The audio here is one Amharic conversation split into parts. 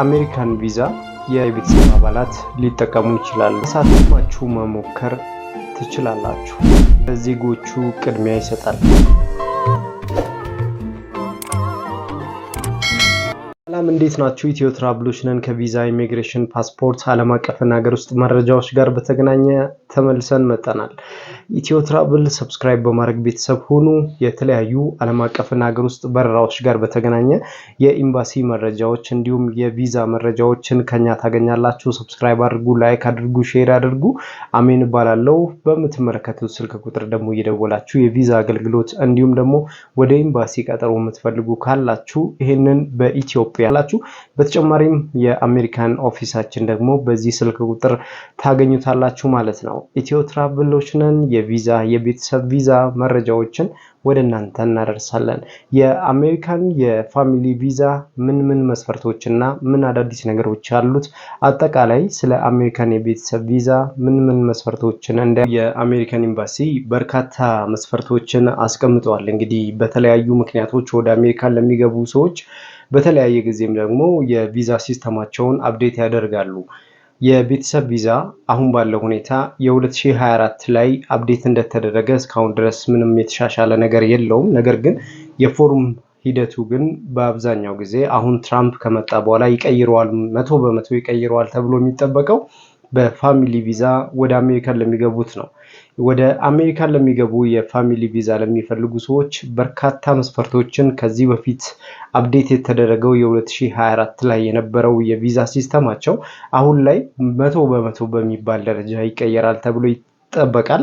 አሜሪካን ቪዛ የቤተሰብ አባላት ሊጠቀሙ ይችላሉ። ሳትማችሁ መሞከር ትችላላችሁ። ለዜጎቹ ቅድሚያ ይሰጣል። ሰላም እንዴት ናችሁ? ኢትዮ ትራቭሎች ነን። ከቪዛ ኢሚግሬሽን፣ ፓስፖርት፣ ዓለም አቀፍና ሀገር ውስጥ መረጃዎች ጋር በተገናኘ ተመልሰን መጠናል። ኢትዮ ትራቭል ሰብስክራይብ በማድረግ ቤተሰብ ሆኑ። የተለያዩ ዓለም አቀፍና ሀገር ውስጥ በረራዎች ጋር በተገናኘ የኤምባሲ መረጃዎች እንዲሁም የቪዛ መረጃዎችን ከኛ ታገኛላችሁ። ሰብስክራይብ አድርጉ፣ ላይክ አድርጉ፣ ሼር አድርጉ። አሜን እባላለሁ። በምትመለከቱት ስልክ ቁጥር ደግሞ እየደወላችሁ የቪዛ አገልግሎት እንዲሁም ደግሞ ወደ ኢምባሲ ቀጠሮ የምትፈልጉ ካላችሁ ይህንን በኢትዮጵያ ያላችሁ። በተጨማሪም የአሜሪካን ኦፊሳችን ደግሞ በዚህ ስልክ ቁጥር ታገኙታላችሁ ማለት ነው። ኢትዮ ትራቭሎች ነን። የቪዛ የቤተሰብ ቪዛ መረጃዎችን ወደ እናንተ እናደርሳለን። የአሜሪካን የፋሚሊ ቪዛ ምን ምን መስፈርቶች እና ምን አዳዲስ ነገሮች አሉት፣ አጠቃላይ ስለ አሜሪካን የቤተሰብ ቪዛ ምን ምን መስፈርቶችን እንደ የአሜሪካን ኤምባሲ በርካታ መስፈርቶችን አስቀምጠዋል። እንግዲህ በተለያዩ ምክንያቶች ወደ አሜሪካን ለሚገቡ ሰዎች በተለያየ ጊዜም ደግሞ የቪዛ ሲስተማቸውን አፕዴት ያደርጋሉ። የቤተሰብ ቪዛ አሁን ባለው ሁኔታ የ2024 ላይ አፕዴት እንደተደረገ እስካሁን ድረስ ምንም የተሻሻለ ነገር የለውም። ነገር ግን የፎርም ሂደቱ ግን በአብዛኛው ጊዜ አሁን ትራምፕ ከመጣ በኋላ ይቀይረዋል፣ መቶ በመቶ ይቀይረዋል ተብሎ የሚጠበቀው በፋሚሊ ቪዛ ወደ አሜሪካን ለሚገቡት ነው። ወደ አሜሪካን ለሚገቡ የፋሚሊ ቪዛ ለሚፈልጉ ሰዎች በርካታ መስፈርቶችን ከዚህ በፊት አፕዴት የተደረገው የ2024 ላይ የነበረው የቪዛ ሲስተማቸው አሁን ላይ መቶ በመቶ በሚባል ደረጃ ይቀየራል ተብሎ ይጠበቃል።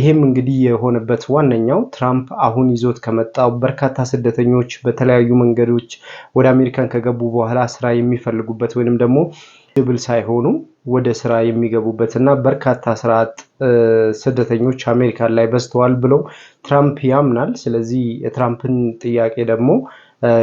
ይህም እንግዲህ የሆነበት ዋነኛው ትራምፕ አሁን ይዞት ከመጣው በርካታ ስደተኞች በተለያዩ መንገዶች ወደ አሜሪካን ከገቡ በኋላ ስራ የሚፈልጉበት ወይንም ደግሞ ድብል ሳይሆኑ ወደ ስራ የሚገቡበትና በርካታ ስራ አጥ ስደተኞች አሜሪካን ላይ በዝተዋል ብለው ትራምፕ ያምናል። ስለዚህ የትራምፕን ጥያቄ ደግሞ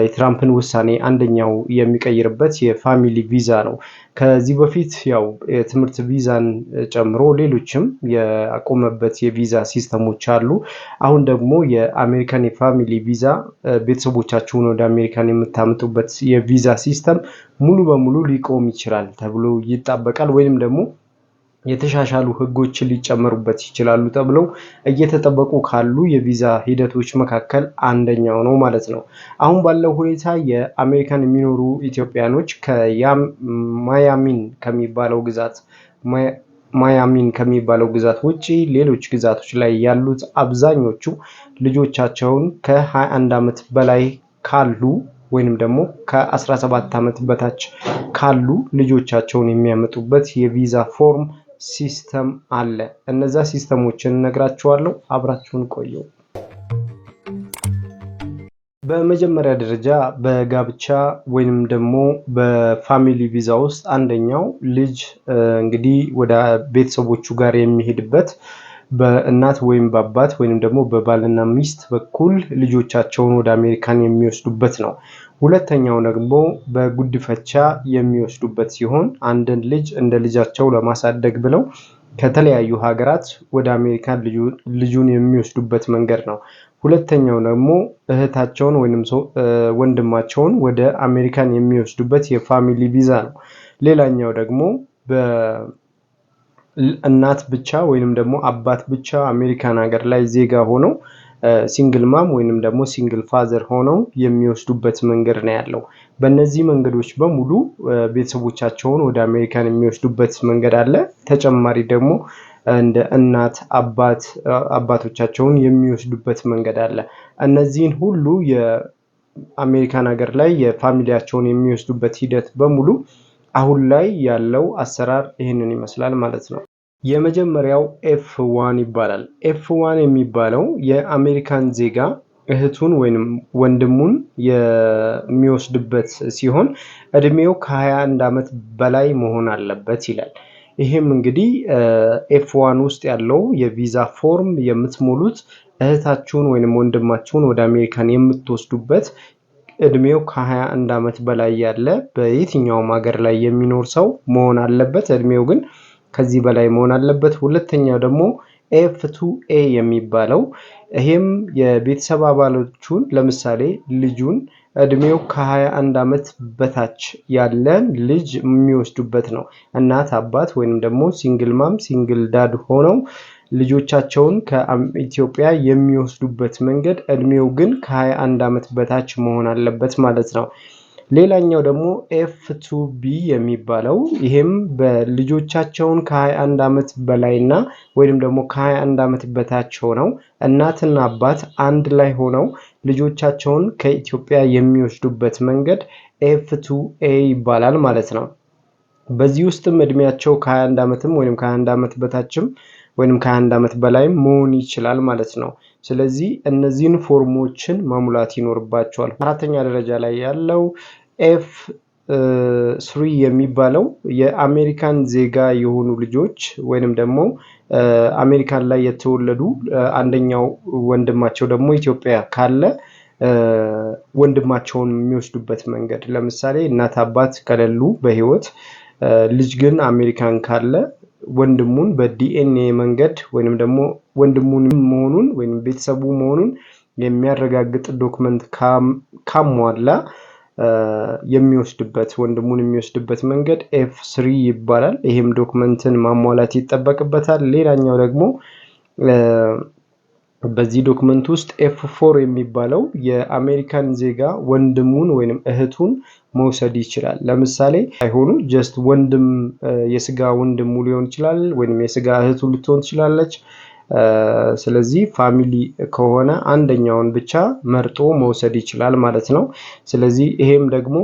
የትራምፕን ውሳኔ አንደኛው የሚቀይርበት የፋሚሊ ቪዛ ነው። ከዚህ በፊት ያው የትምህርት ቪዛን ጨምሮ ሌሎችም ያቆመበት የቪዛ ሲስተሞች አሉ። አሁን ደግሞ የአሜሪካን የፋሚሊ ቪዛ ቤተሰቦቻችሁን ወደ አሜሪካን የምታመጡበት የቪዛ ሲስተም ሙሉ በሙሉ ሊቆም ይችላል ተብሎ ይጠበቃል ወይም ደግሞ የተሻሻሉ ህጎችን ሊጨመሩበት ይችላሉ ተብለው እየተጠበቁ ካሉ የቪዛ ሂደቶች መካከል አንደኛው ነው ማለት ነው። አሁን ባለው ሁኔታ የአሜሪካን የሚኖሩ ኢትዮጵያኖች ከማያሚን ከሚባለው ግዛት ማያሚን ከሚባለው ግዛት ውጪ ሌሎች ግዛቶች ላይ ያሉት አብዛኞቹ ልጆቻቸውን ከ21 ዓመት በላይ ካሉ ወይንም ደግሞ ከ17 ዓመት በታች ካሉ ልጆቻቸውን የሚያመጡበት የቪዛ ፎርም ሲስተም አለ። እነዛ ሲስተሞችን እነግራችኋለሁ። አብራችሁን ቆዩ። በመጀመሪያ ደረጃ በጋብቻ ወይንም ደግሞ በፋሚሊ ቪዛ ውስጥ አንደኛው ልጅ እንግዲህ ወደ ቤተሰቦቹ ጋር የሚሄድበት በእናት ወይም በአባት ወይም ደግሞ በባልና ሚስት በኩል ልጆቻቸውን ወደ አሜሪካን የሚወስዱበት ነው። ሁለተኛው ደግሞ በጉድፈቻ የሚወስዱበት ሲሆን አንድን ልጅ እንደ ልጃቸው ለማሳደግ ብለው ከተለያዩ ሀገራት ወደ አሜሪካን ልጁን የሚወስዱበት መንገድ ነው። ሁለተኛው ደግሞ እህታቸውን ወይም ወንድማቸውን ወደ አሜሪካን የሚወስዱበት የፋሚሊ ቪዛ ነው። ሌላኛው ደግሞ እናት ብቻ ወይንም ደግሞ አባት ብቻ አሜሪካን ሀገር ላይ ዜጋ ሆነው ሲንግል ማም ወይንም ደግሞ ሲንግል ፋዘር ሆነው የሚወስዱበት መንገድ ነው ያለው። በእነዚህ መንገዶች በሙሉ ቤተሰቦቻቸውን ወደ አሜሪካን የሚወስዱበት መንገድ አለ። ተጨማሪ ደግሞ እንደ እናት አባት አባቶቻቸውን የሚወስዱበት መንገድ አለ። እነዚህን ሁሉ የአሜሪካን ሀገር ላይ የፋሚሊያቸውን የሚወስዱበት ሂደት በሙሉ አሁን ላይ ያለው አሰራር ይህንን ይመስላል ማለት ነው። የመጀመሪያው ኤፍ ዋን ይባላል። ኤፍ ዋን የሚባለው የአሜሪካን ዜጋ እህቱን ወይም ወንድሙን የሚወስድበት ሲሆን እድሜው ከ21 ዓመት በላይ መሆን አለበት ይላል። ይህም እንግዲህ ኤፍ ዋን ውስጥ ያለው የቪዛ ፎርም የምትሞሉት እህታችሁን ወይም ወንድማችሁን ወደ አሜሪካን የምትወስዱበት እድሜው ከ21 ዓመት በላይ ያለ በየትኛውም ሀገር ላይ የሚኖር ሰው መሆን አለበት። እድሜው ግን ከዚህ በላይ መሆን አለበት። ሁለተኛው ደግሞ ኤፍ ቱ ኤ የሚባለው ይሄም የቤተሰብ አባሎቹን ለምሳሌ ልጁን እድሜው ከ21 ዓመት በታች ያለን ልጅ የሚወስዱበት ነው። እናት አባት፣ ወይንም ደግሞ ሲንግል ማም ሲንግል ዳድ ሆነው ልጆቻቸውን ከኢትዮጵያ የሚወስዱበት መንገድ እድሜው ግን ከ21 ዓመት በታች መሆን አለበት ማለት ነው። ሌላኛው ደግሞ ኤፍ ቱ ቢ የሚባለው ይሄም በልጆቻቸውን ከ21 ዓመት በላይና ወይም ደግሞ ከ21 ዓመት በታች ሆነው እናትና አባት አንድ ላይ ሆነው ልጆቻቸውን ከኢትዮጵያ የሚወስዱበት መንገድ ኤፍ ቱ ኤ ይባላል ማለት ነው። በዚህ ውስጥም እድሜያቸው ከ21 ዓመትም ወይም ከ21 ዓመት በታችም ወይም ከ21 ዓመት በላይም መሆን ይችላል ማለት ነው። ስለዚህ እነዚህን ፎርሞችን መሙላት ይኖርባቸዋል። አራተኛ ደረጃ ላይ ያለው ኤፍ ስሪ የሚባለው የአሜሪካን ዜጋ የሆኑ ልጆች ወይንም ደግሞ አሜሪካን ላይ የተወለዱ አንደኛው ወንድማቸው ደግሞ ኢትዮጵያ ካለ ወንድማቸውን የሚወስዱበት መንገድ ለምሳሌ እናት አባት ከሌሉ በህይወት ልጅ ግን አሜሪካን ካለ ወንድሙን በዲኤንኤ መንገድ ወይም ደግሞ ወንድሙን መሆኑን ወይም ቤተሰቡ መሆኑን የሚያረጋግጥ ዶክመንት ካሟላ የሚወስድበት ወንድሙን የሚወስድበት መንገድ ኤፍ ስሪ ይባላል። ይህም ዶክመንትን ማሟላት ይጠበቅበታል። ሌላኛው ደግሞ በዚህ ዶክመንት ውስጥ ኤፍ ፎር የሚባለው የአሜሪካን ዜጋ ወንድሙን ወይም እህቱን መውሰድ ይችላል። ለምሳሌ አይሆኑ ጀስት ወንድም የስጋ ወንድሙ ሊሆን ይችላል፣ ወይም የስጋ እህቱ ልትሆን ትችላለች። ስለዚህ ፋሚሊ ከሆነ አንደኛውን ብቻ መርጦ መውሰድ ይችላል ማለት ነው። ስለዚህ ይሄም ደግሞ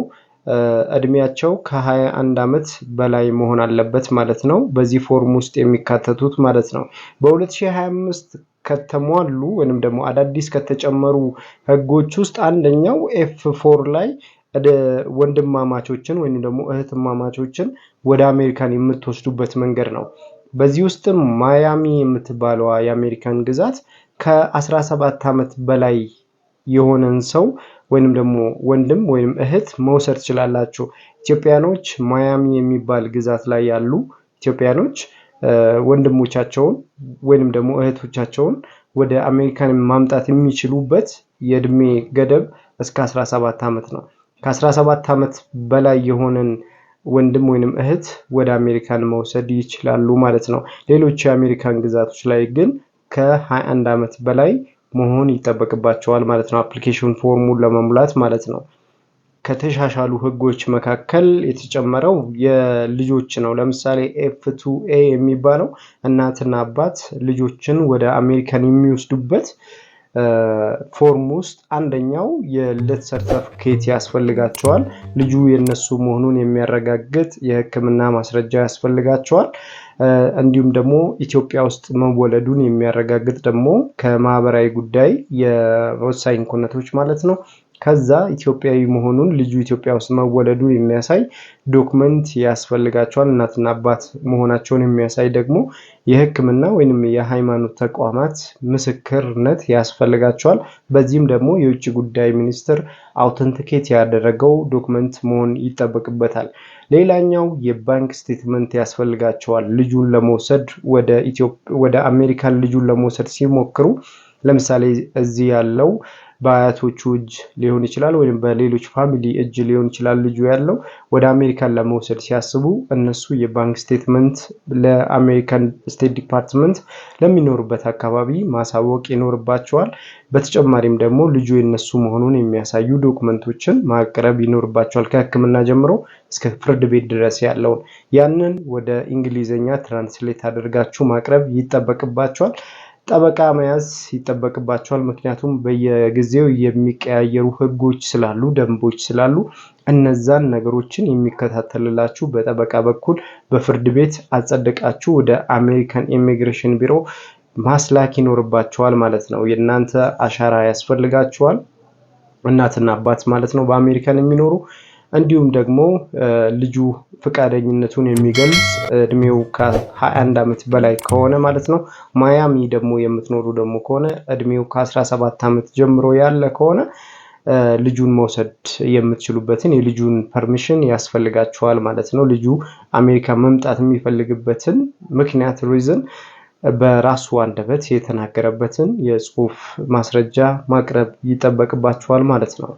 እድሜያቸው ከ21 ዓመት በላይ መሆን አለበት ማለት ነው። በዚህ ፎርም ውስጥ የሚካተቱት ማለት ነው። በ2025 ከተሟሉ ወይም ደግሞ አዳዲስ ከተጨመሩ ህጎች ውስጥ አንደኛው ኤፍ ፎር ላይ ወንድማማቾችን ወይም ደግሞ እህትማማቾችን ወደ አሜሪካን የምትወስዱበት መንገድ ነው። በዚህ ውስጥም ማያሚ የምትባለዋ የአሜሪካን ግዛት ከ17 ዓመት በላይ የሆነን ሰው ወይንም ደግሞ ወንድም ወይም እህት መውሰድ ትችላላችሁ። ኢትዮጵያኖች ማያሚ የሚባል ግዛት ላይ ያሉ ኢትዮጵያኖች ወንድሞቻቸውን ወይንም ደግሞ እህቶቻቸውን ወደ አሜሪካን ማምጣት የሚችሉበት የእድሜ ገደብ እስከ 17 ዓመት ነው። ከ17 ዓመት በላይ የሆነን ወንድም ወይንም እህት ወደ አሜሪካን መውሰድ ይችላሉ ማለት ነው። ሌሎች የአሜሪካን ግዛቶች ላይ ግን ከ21 ዓመት በላይ መሆን ይጠበቅባቸዋል ማለት ነው። አፕሊኬሽን ፎርሙን ለመሙላት ማለት ነው። ከተሻሻሉ ህጎች መካከል የተጨመረው የልጆች ነው። ለምሳሌ ኤፍ ቱ ኤ የሚባለው እናትና አባት ልጆችን ወደ አሜሪካን የሚወስዱበት ፎርም ውስጥ አንደኛው የልደት ሰርተፍኬት ያስፈልጋቸዋል። ልጁ የነሱ መሆኑን የሚያረጋግጥ የሕክምና ማስረጃ ያስፈልጋቸዋል። እንዲሁም ደግሞ ኢትዮጵያ ውስጥ መወለዱን የሚያረጋግጥ ደግሞ ከማህበራዊ ጉዳይ የወሳኝ ኩነቶች ማለት ነው ከዛ ኢትዮጵያዊ መሆኑን ልጁ ኢትዮጵያ ውስጥ መወለዱን የሚያሳይ ዶክመንት ያስፈልጋቸዋል። እናትና አባት መሆናቸውን የሚያሳይ ደግሞ የሕክምና ወይንም የሃይማኖት ተቋማት ምስክርነት ያስፈልጋቸዋል። በዚህም ደግሞ የውጭ ጉዳይ ሚኒስትር አውተንቲኬት ያደረገው ዶክመንት መሆን ይጠበቅበታል። ሌላኛው የባንክ ስቴትመንት ያስፈልጋቸዋል። ልጁን ለመውሰድ ወደ አሜሪካን ልጁን ለመውሰድ ሲሞክሩ ለምሳሌ እዚህ ያለው በአያቶቹ እጅ ሊሆን ይችላል፣ ወይም በሌሎች ፋሚሊ እጅ ሊሆን ይችላል። ልጁ ያለው ወደ አሜሪካን ለመውሰድ ሲያስቡ እነሱ የባንክ ስቴትመንት ለአሜሪካን ስቴት ዲፓርትመንት ለሚኖሩበት አካባቢ ማሳወቅ ይኖርባቸዋል። በተጨማሪም ደግሞ ልጁ የነሱ መሆኑን የሚያሳዩ ዶክመንቶችን ማቅረብ ይኖርባቸዋል። ከሕክምና ጀምሮ እስከ ፍርድ ቤት ድረስ ያለውን ያንን ወደ እንግሊዝኛ ትራንስሌት አድርጋችሁ ማቅረብ ይጠበቅባቸዋል። ጠበቃ መያዝ ይጠበቅባቸዋል። ምክንያቱም በየጊዜው የሚቀያየሩ ህጎች ስላሉ፣ ደንቦች ስላሉ እነዛን ነገሮችን የሚከታተልላችሁ በጠበቃ በኩል በፍርድ ቤት አጸድቃችሁ ወደ አሜሪካን ኢሚግሬሽን ቢሮ ማስላክ ይኖርባቸዋል ማለት ነው። የእናንተ አሻራ ያስፈልጋቸዋል። እናትና አባት ማለት ነው በአሜሪካን የሚኖሩ እንዲሁም ደግሞ ልጁ ፈቃደኝነቱን የሚገልጽ እድሜው ከ21 ዓመት በላይ ከሆነ ማለት ነው። ማያሚ ደግሞ የምትኖሩ ደግሞ ከሆነ እድሜው ከ17 ዓመት ጀምሮ ያለ ከሆነ ልጁን መውሰድ የምትችሉበትን የልጁን ፐርሚሽን ያስፈልጋችኋል ማለት ነው። ልጁ አሜሪካ መምጣት የሚፈልግበትን ምክንያት ሪዝን በራሱ አንደበት የተናገረበትን የጽሁፍ ማስረጃ ማቅረብ ይጠበቅባችኋል ማለት ነው።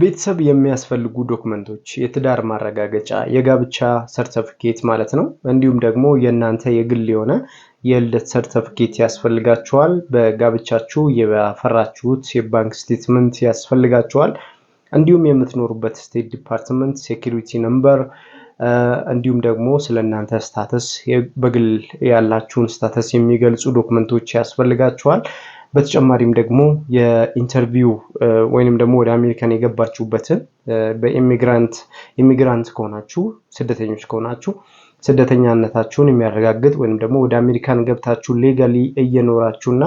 ቤተሰብ የሚያስፈልጉ ዶክመንቶች የትዳር ማረጋገጫ፣ የጋብቻ ሰርተፍኬት ማለት ነው። እንዲሁም ደግሞ የእናንተ የግል የሆነ የልደት ሰርተፍኬት ያስፈልጋችኋል። በጋብቻችሁ ያፈራችሁት የባንክ ስቴትመንት ያስፈልጋችኋል። እንዲሁም የምትኖሩበት ስቴት ዲፓርትመንት ሴኪሪቲ ነምበር፣ እንዲሁም ደግሞ ስለ እናንተ ስታተስ፣ በግል ያላችሁን ስታተስ የሚገልጹ ዶክመንቶች ያስፈልጋችኋል። በተጨማሪም ደግሞ የኢንተርቪው ወይንም ደግሞ ወደ አሜሪካን የገባችሁበትን በኢሚግራንት ኢሚግራንት ከሆናችሁ ስደተኞች ከሆናችሁ ስደተኛነታችሁን የሚያረጋግጥ ወይንም ደግሞ ወደ አሜሪካን ገብታችሁ ሌጋሊ እየኖራችሁ እና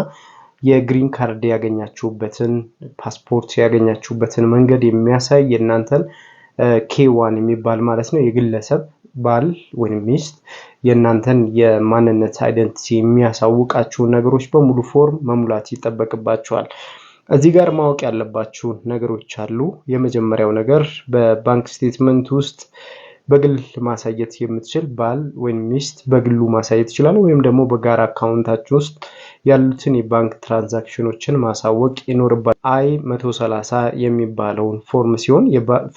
የግሪን ካርድ ያገኛችሁበትን ፓስፖርት ያገኛችሁበትን መንገድ የሚያሳይ የእናንተን ኬዋን የሚባል ማለት ነው የግለሰብ ባል ወይም ሚስት የእናንተን የማንነት አይደንቲቲ የሚያሳውቃችሁን ነገሮች በሙሉ ፎርም መሙላት ይጠበቅባቸዋል። እዚህ ጋር ማወቅ ያለባችሁ ነገሮች አሉ። የመጀመሪያው ነገር በባንክ ስቴትመንት ውስጥ በግል ማሳየት የምትችል ባል ወይም ሚስት በግሉ ማሳየት ይችላል። ወይም ደግሞ በጋራ አካውንታችሁ ውስጥ ያሉትን የባንክ ትራንዛክሽኖችን ማሳወቅ ይኖርባል። አይ መቶ የሚባለውን ፎርም ሲሆን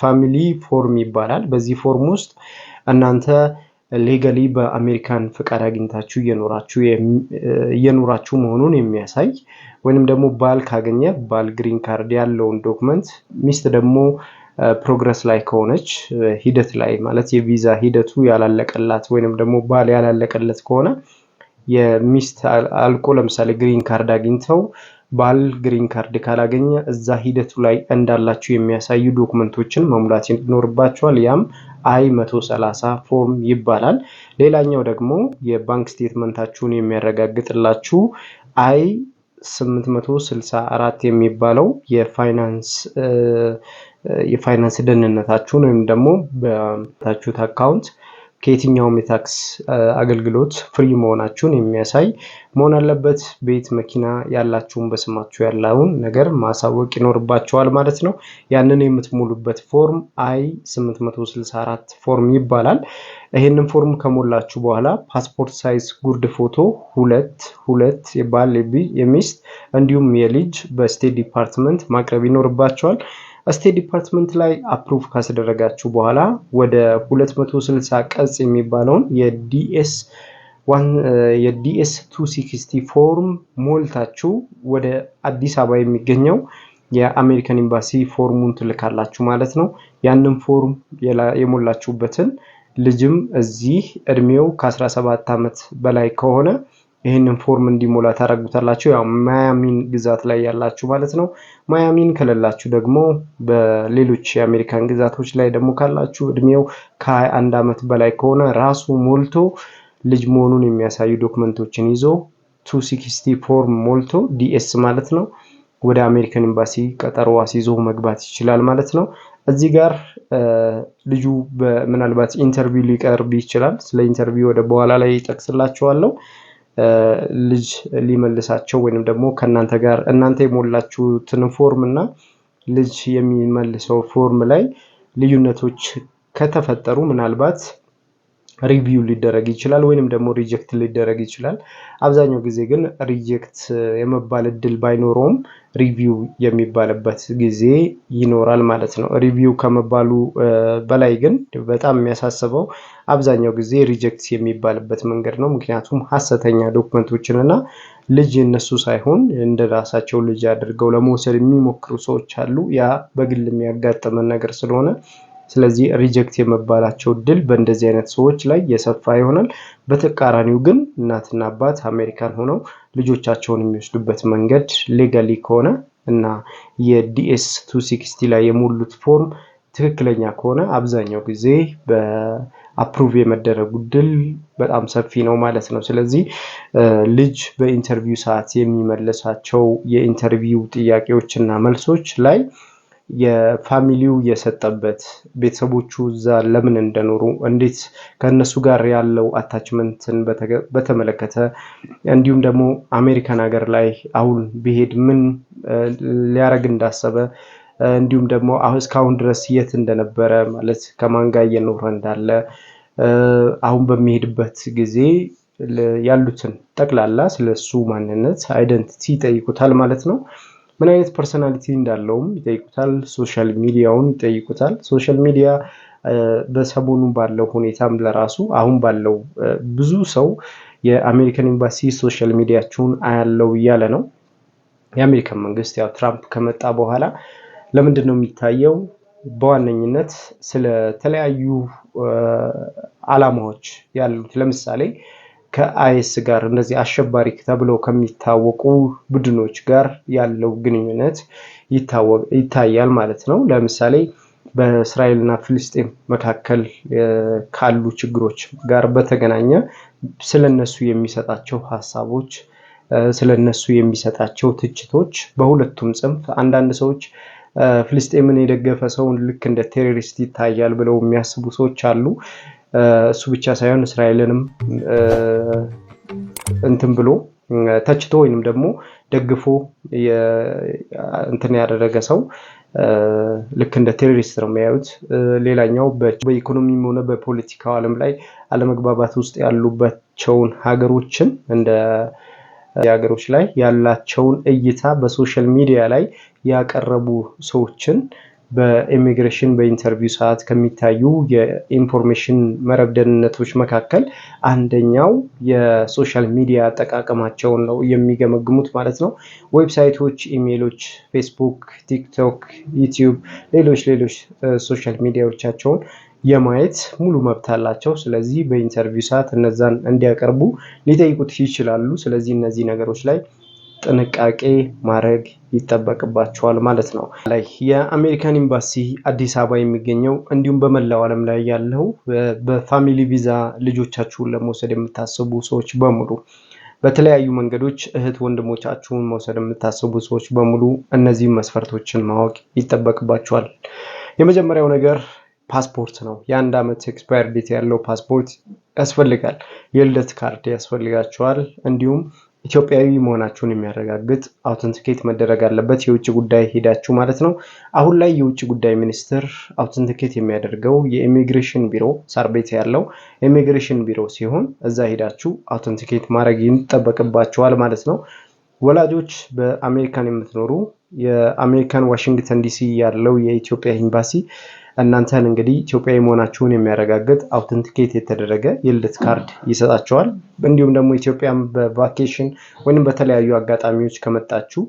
ፋሚሊ ፎርም ይባላል። በዚህ ፎርም ውስጥ እናንተ ሌገሊ በአሜሪካን ፍቃድ አግኝታችሁ እየኖራችሁ መሆኑን የሚያሳይ ወይንም ደግሞ ባል ካገኘ ባል ግሪን ካርድ ያለውን ዶክመንት ሚስት ደግሞ ፕሮግረስ ላይ ከሆነች ሂደት ላይ ማለት የቪዛ ሂደቱ ያላለቀላት ወይንም ደግሞ ባል ያላለቀለት ከሆነ የሚስት አልቆ ለምሳሌ ግሪን ካርድ አግኝተው ባል ግሪን ካርድ ካላገኘ እዛ ሂደቱ ላይ እንዳላችሁ የሚያሳዩ ዶክመንቶችን መሙላት ይኖርባቸዋል። ያም አይ 130 ፎርም ይባላል። ሌላኛው ደግሞ የባንክ ስቴትመንታችሁን የሚያረጋግጥላችሁ አይ 864 የሚባለው የፋይናንስ የፋይናንስ ደህንነታችሁን ወይም ደግሞ በታችሁት አካውንት ከየትኛውም የታክስ አገልግሎት ፍሪ መሆናችሁን የሚያሳይ መሆን አለበት። ቤት፣ መኪና ያላችሁን በስማችሁ ያለውን ነገር ማሳወቅ ይኖርባችኋል ማለት ነው። ያንን የምትሞሉበት ፎርም አይ 864 ፎርም ይባላል። ይህንን ፎርም ከሞላችሁ በኋላ ፓስፖርት ሳይዝ ጉርድ ፎቶ ሁለት ሁለት የባል የሚስት እንዲሁም የልጅ በስቴት ዲፓርትመንት ማቅረብ ይኖርባቸዋል። ስቴት ዲፓርትመንት ላይ አፕሩቭ ካስደረጋችሁ በኋላ ወደ 260 ቀጽ የሚባለውን የዲኤስ የዲኤስ 260 ፎርም ሞልታችሁ ወደ አዲስ አበባ የሚገኘው የአሜሪካን ኤምባሲ ፎርሙን ትልካላችሁ ማለት ነው። ያንን ፎርም የሞላችሁበትን ልጅም እዚህ እድሜው ከ17 ዓመት በላይ ከሆነ ይህንን ፎርም እንዲሞላ ታደርጉታላችሁ። ያው ማያሚን ግዛት ላይ ያላችሁ ማለት ነው። ማያሚን ከሌላችሁ ደግሞ በሌሎች የአሜሪካን ግዛቶች ላይ ደግሞ ካላችሁ እድሜው ከ21 ዓመት በላይ ከሆነ ራሱ ሞልቶ ልጅ መሆኑን የሚያሳዩ ዶክመንቶችን ይዞ ቱ ሲክስቲ ፎርም ሞልቶ ዲኤስ ማለት ነው ወደ አሜሪካን ኤምባሲ ቀጠሮ አስይዞ መግባት ይችላል ማለት ነው። እዚህ ጋር ልጁ ምናልባት ኢንተርቪው ሊቀርብ ይችላል። ስለ ኢንተርቪው ወደ በኋላ ላይ ይጠቅስላችኋለሁ። ልጅ ሊመልሳቸው ወይንም ደግሞ ከእናንተ ጋር እናንተ የሞላችሁትን ፎርም እና ልጅ የሚመልሰው ፎርም ላይ ልዩነቶች ከተፈጠሩ ምናልባት ሪቪው ሊደረግ ይችላል ወይንም ደግሞ ሪጀክት ሊደረግ ይችላል። አብዛኛው ጊዜ ግን ሪጀክት የመባል እድል ባይኖረውም ሪቪው የሚባልበት ጊዜ ይኖራል ማለት ነው። ሪቪው ከመባሉ በላይ ግን በጣም የሚያሳስበው አብዛኛው ጊዜ ሪጀክት የሚባልበት መንገድ ነው። ምክንያቱም ሀሰተኛ ዶክመንቶችን እና ልጅ እነሱ ሳይሆን እንደ ራሳቸው ልጅ አድርገው ለመውሰድ የሚሞክሩ ሰዎች አሉ። ያ በግል የሚያጋጥመን ነገር ስለሆነ ስለዚህ ሪጀክት የመባላቸው እድል በእንደዚህ አይነት ሰዎች ላይ የሰፋ ይሆናል። በተቃራኒው ግን እናትና አባት አሜሪካን ሆነው ልጆቻቸውን የሚወስዱበት መንገድ ሌጋሊ ከሆነ እና የዲኤስ 260 ሲክስቲ ላይ የሞሉት ፎርም ትክክለኛ ከሆነ አብዛኛው ጊዜ በአፕሩቭ የመደረጉ ድል በጣም ሰፊ ነው ማለት ነው። ስለዚህ ልጅ በኢንተርቪው ሰዓት የሚመለሳቸው የኢንተርቪው ጥያቄዎች እና መልሶች ላይ የፋሚሊው የሰጠበት ቤተሰቦቹ እዛ ለምን እንደኖሩ እንዴት ከእነሱ ጋር ያለው አታችመንትን በተመለከተ እንዲሁም ደግሞ አሜሪካን ሀገር ላይ አሁን ቢሄድ ምን ሊያደርግ እንዳሰበ እንዲሁም ደግሞ እስካሁን ድረስ የት እንደነበረ ማለት ከማን ጋር እየኖረ እንዳለ አሁን በሚሄድበት ጊዜ ያሉትን ጠቅላላ ስለሱ ማንነት አይደንቲቲ ይጠይቁታል ማለት ነው። ምን አይነት ፐርሶናሊቲ እንዳለውም ይጠይቁታል። ሶሻል ሚዲያውን ይጠይቁታል። ሶሻል ሚዲያ በሰሞኑ ባለው ሁኔታም ለራሱ አሁን ባለው ብዙ ሰው የአሜሪካን ኤምባሲ ሶሻል ሚዲያችሁን አያለው እያለ ነው። የአሜሪካን መንግስት ያው ትራምፕ ከመጣ በኋላ ለምንድን ነው የሚታየው? በዋነኝነት ስለተለያዩ አላማዎች ያሉት ለምሳሌ ከአይስ ጋር እነዚህ አሸባሪ ተብለው ከሚታወቁ ቡድኖች ጋር ያለው ግንኙነት ይታያል ማለት ነው። ለምሳሌ በእስራኤልና ፍልስጤም መካከል ካሉ ችግሮች ጋር በተገናኘ ስለነሱ የሚሰጣቸው ሀሳቦች፣ ስለነሱ የሚሰጣቸው ትችቶች በሁለቱም ጽንፍ አንዳንድ ሰዎች ፍልስጤምን የደገፈ ሰውን ልክ እንደ ቴሮሪስት ይታያል ብለው የሚያስቡ ሰዎች አሉ። እሱ ብቻ ሳይሆን እስራኤልንም እንትን ብሎ ተችቶ ወይንም ደግሞ ደግፎ እንትን ያደረገ ሰው ልክ እንደ ቴሮሪስት ነው የሚያዩት። ሌላኛው በኢኮኖሚም ሆነ በፖለቲካው ዓለም ላይ አለመግባባት ውስጥ ያሉባቸውን ሀገሮችን እንደ ሀገሮች ላይ ያላቸውን እይታ በሶሻል ሚዲያ ላይ ያቀረቡ ሰዎችን በኢሚግሬሽን በኢንተርቪው ሰዓት ከሚታዩ የኢንፎርሜሽን መረብ ደህንነቶች መካከል አንደኛው የሶሻል ሚዲያ አጠቃቀማቸውን ነው የሚገመግሙት ማለት ነው። ዌብሳይቶች፣ ኢሜሎች ፌስቡክ፣ ቲክቶክ፣ ዩቲዩብ፣ ሌሎች ሌሎች ሶሻል ሚዲያዎቻቸውን የማየት ሙሉ መብት አላቸው። ስለዚህ በኢንተርቪው ሰዓት እነዛን እንዲያቀርቡ ሊጠይቁት ይችላሉ። ስለዚህ እነዚህ ነገሮች ላይ ጥንቃቄ ማድረግ ይጠበቅባቸዋል ማለት ነው። ላይ የአሜሪካን ኤምባሲ አዲስ አበባ የሚገኘው እንዲሁም በመላው ዓለም ላይ ያለው በፋሚሊ ቪዛ ልጆቻችሁን ለመውሰድ የምታስቡ ሰዎች በሙሉ በተለያዩ መንገዶች እህት ወንድሞቻችሁን መውሰድ የምታስቡ ሰዎች በሙሉ እነዚህ መስፈርቶችን ማወቅ ይጠበቅባቸዋል። የመጀመሪያው ነገር ፓስፖርት ነው። የአንድ ዓመት ኤክስፓየር ዴት ያለው ፓስፖርት ያስፈልጋል። የልደት ካርድ ያስፈልጋቸዋል። እንዲሁም ኢትዮጵያዊ መሆናችሁን የሚያረጋግጥ አውተንቲኬት መደረግ አለበት የውጭ ጉዳይ ሄዳችሁ ማለት ነው። አሁን ላይ የውጭ ጉዳይ ሚኒስትር አውተንቲኬት የሚያደርገው የኢሚግሬሽን ቢሮ ሳርቤት ያለው ኢሚግሬሽን ቢሮ ሲሆን እዛ ሄዳችሁ አውተንቲኬት ማድረግ ይጠበቅባችኋል ማለት ነው። ወላጆች በአሜሪካን የምትኖሩ የአሜሪካን ዋሽንግተን ዲሲ ያለው የኢትዮጵያ ኤምባሲ እናንተን እንግዲህ ኢትዮጵያዊ መሆናችሁን የሚያረጋግጥ አውተንቲኬት የተደረገ የልደት ካርድ ይሰጣችኋል። እንዲሁም ደግሞ ኢትዮጵያም በቫኬሽን ወይም በተለያዩ አጋጣሚዎች ከመጣችሁ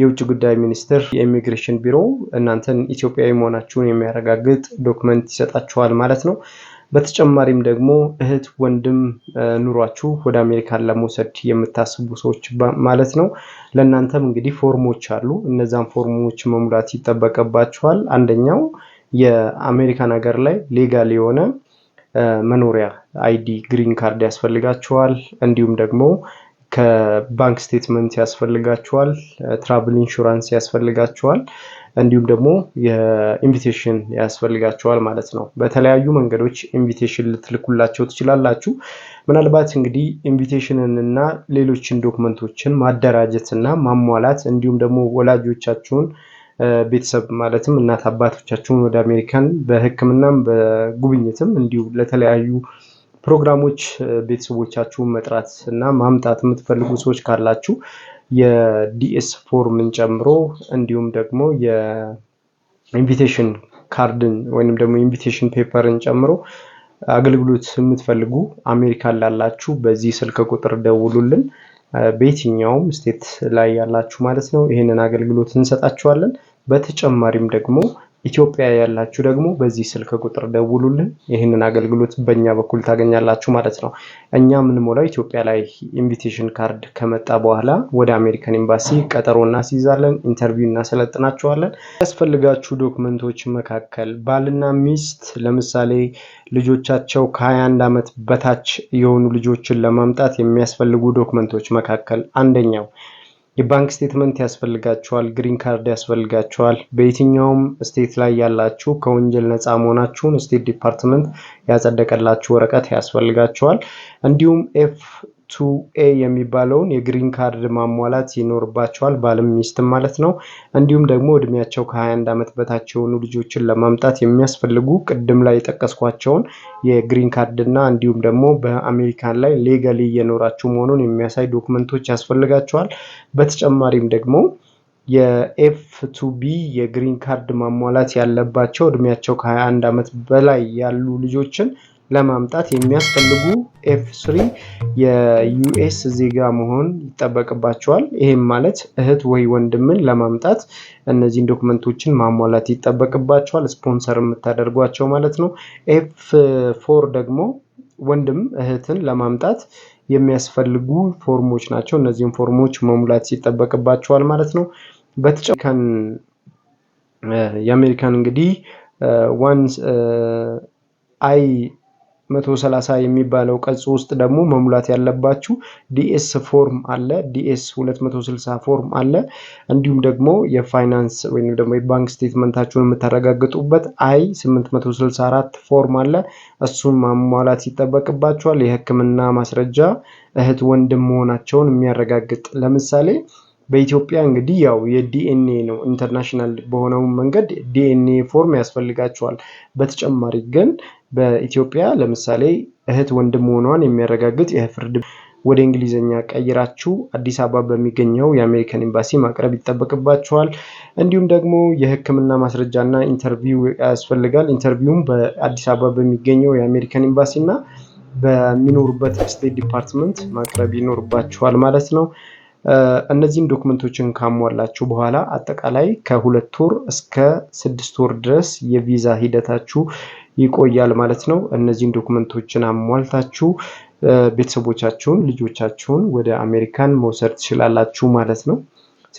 የውጭ ጉዳይ ሚኒስትር የኢሚግሬሽን ቢሮ እናንተን ኢትዮጵያዊ መሆናችሁን የሚያረጋግጥ ዶክመንት ይሰጣችኋል ማለት ነው። በተጨማሪም ደግሞ እህት ወንድም ኑሯችሁ ወደ አሜሪካን ለመውሰድ የምታስቡ ሰዎች ማለት ነው። ለእናንተም እንግዲህ ፎርሞች አሉ። እነዛን ፎርሞች መሙላት ይጠበቅባችኋል። አንደኛው የአሜሪካን ሀገር ላይ ሌጋል የሆነ መኖሪያ አይዲ ግሪን ካርድ ያስፈልጋችኋል። እንዲሁም ደግሞ ከባንክ ስቴትመንት ያስፈልጋችኋል። ትራቭል ኢንሹራንስ ያስፈልጋችኋል። እንዲሁም ደግሞ የኢንቪቴሽን ያስፈልጋቸዋል ማለት ነው። በተለያዩ መንገዶች ኢንቪቴሽን ልትልኩላቸው ትችላላችሁ። ምናልባት እንግዲህ ኢንቪቴሽንን እና ሌሎችን ዶክመንቶችን ማደራጀት እና ማሟላት እንዲሁም ደግሞ ወላጆቻችሁን ቤተሰብ ማለትም እናት አባቶቻችሁን ወደ አሜሪካን በሕክምናም በጉብኝትም እንዲሁ ለተለያዩ ፕሮግራሞች ቤተሰቦቻችሁን መጥራት እና ማምጣት የምትፈልጉ ሰዎች ካላችሁ የዲኤስ ፎርምን ጨምሮ እንዲሁም ደግሞ የኢንቪቴሽን ካርድን ወይም ደግሞ ኢንቪቴሽን ፔፐርን ጨምሮ አገልግሎት የምትፈልጉ አሜሪካን ላላችሁ በዚህ ስልክ ቁጥር ደውሉልን። በየትኛውም ስቴት ላይ ያላችሁ ማለት ነው ይህንን አገልግሎት እንሰጣችኋለን። በተጨማሪም ደግሞ ኢትዮጵያ ያላችሁ ደግሞ በዚህ ስልክ ቁጥር ደውሉልን። ይህንን አገልግሎት በእኛ በኩል ታገኛላችሁ ማለት ነው። እኛ የምንሞላው ኢትዮጵያ ላይ ኢንቪቴሽን ካርድ ከመጣ በኋላ ወደ አሜሪካን ኤምባሲ ቀጠሮ እናስይዛለን፣ ኢንተርቪው እናሰለጥናችኋለን። ያስፈልጋችሁ ዶክመንቶች መካከል ባልና ሚስት ለምሳሌ ልጆቻቸው ከ21 ዓመት በታች የሆኑ ልጆችን ለማምጣት የሚያስፈልጉ ዶክመንቶች መካከል አንደኛው የባንክ ስቴትመንት ያስፈልጋችኋል፣ ግሪን ካርድ ያስፈልጋችኋል። በየትኛውም ስቴት ላይ ያላችሁ ከወንጀል ነፃ መሆናችሁን ስቴት ዲፓርትመንት ያጸደቀላችሁ ወረቀት ያስፈልጋችኋል። እንዲሁም ኤፍ ቱ ኤ የሚባለውን የግሪን ካርድ ማሟላት ይኖርባቸዋል። ባልም ሚስትም ማለት ነው። እንዲሁም ደግሞ እድሜያቸው ከ21 ዓመት በታች የሆኑ ልጆችን ለማምጣት የሚያስፈልጉ ቅድም ላይ የጠቀስኳቸውን የግሪን ካርድ እና እንዲሁም ደግሞ በአሜሪካን ላይ ሌጋሊ እየኖራችሁ መሆኑን የሚያሳይ ዶክመንቶች ያስፈልጋቸዋል። በተጨማሪም ደግሞ የኤፍ ቱ ቢ የግሪን ካርድ ማሟላት ያለባቸው እድሜያቸው ከ21 ዓመት በላይ ያሉ ልጆችን ለማምጣት የሚያስፈልጉ ኤፍ ስሪ የዩኤስ ዜጋ መሆን ይጠበቅባቸዋል። ይህም ማለት እህት ወይ ወንድምን ለማምጣት እነዚህን ዶክመንቶችን ማሟላት ይጠበቅባቸዋል፣ ስፖንሰር የምታደርጓቸው ማለት ነው። ኤፍ ፎር ደግሞ ወንድም እህትን ለማምጣት የሚያስፈልጉ ፎርሞች ናቸው። እነዚህም ፎርሞች መሙላት ይጠበቅባቸዋል ማለት ነው። በተጨማሪ የአሜሪካን እንግዲህ ዋን አይ 130 የሚባለው ቅጽ ውስጥ ደግሞ መሙላት ያለባችሁ ዲኤስ ፎርም አለ፣ ዲኤስ 260 ፎርም አለ። እንዲሁም ደግሞ የፋይናንስ ወይም ደግሞ የባንክ ስቴትመንታችሁን የምታረጋግጡበት አይ 864 ፎርም አለ። እሱም ማሟላት ይጠበቅባችኋል። የሕክምና ማስረጃ እህት ወንድም መሆናቸውን የሚያረጋግጥ ለምሳሌ በኢትዮጵያ እንግዲህ ያው የዲኤንኤ ነው ኢንተርናሽናል በሆነው መንገድ ዲኤንኤ ፎርም ያስፈልጋቸዋል። በተጨማሪ ግን በኢትዮጵያ ለምሳሌ እህት ወንድም መሆኗን የሚያረጋግጥ የፍርድ ወደ እንግሊዝኛ ቀይራችሁ አዲስ አበባ በሚገኘው የአሜሪካን ኤምባሲ ማቅረብ ይጠበቅባችኋል። እንዲሁም ደግሞ የሕክምና ማስረጃና ኢንተርቪው ያስፈልጋል። ኢንተርቪውም በአዲስ አበባ በሚገኘው የአሜሪካን ኤምባሲ በሚኖሩበት ስቴት ዲፓርትመንት ማቅረብ ይኖርባችኋል ማለት ነው። እነዚህን ዶክመንቶችን ካሟላችሁ በኋላ አጠቃላይ ከሁለት ወር እስከ ስድስት ወር ድረስ የቪዛ ሂደታችሁ ይቆያል ማለት ነው። እነዚህን ዶክመንቶችን አሟልታችሁ ቤተሰቦቻችሁን፣ ልጆቻችሁን ወደ አሜሪካን መውሰድ ትችላላችሁ ማለት ነው።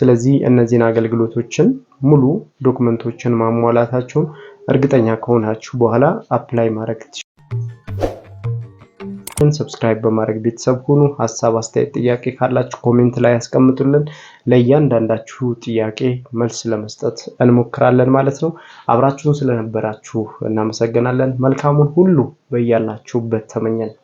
ስለዚህ እነዚህን አገልግሎቶችን ሙሉ ዶክመንቶችን ማሟላታችሁን እርግጠኛ ከሆናችሁ በኋላ አፕላይ ማድረግ ሰብስክራይብ በማድረግ ቤተሰብ ሁኑ። ሀሳብ አስተያየት፣ ጥያቄ ካላችሁ ኮሜንት ላይ ያስቀምጡልን። ለእያንዳንዳችሁ ጥያቄ መልስ ለመስጠት እንሞክራለን ማለት ነው። አብራችሁን ስለነበራችሁ እናመሰግናለን። መልካሙን ሁሉ በያላችሁበት ተመኘን።